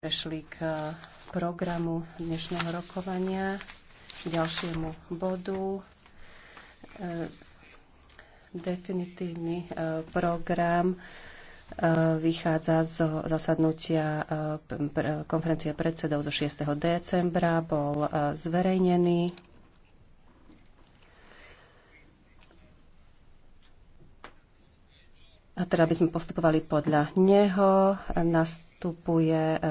prešli k e, programu dnešného rokovania, k ďalšiemu bodu. E, definitívny e, program vychádza z zasadnutia konferencie predsedov zo 6. decembra, bol zverejnený. A teda by sme postupovali podľa neho. Nastupuje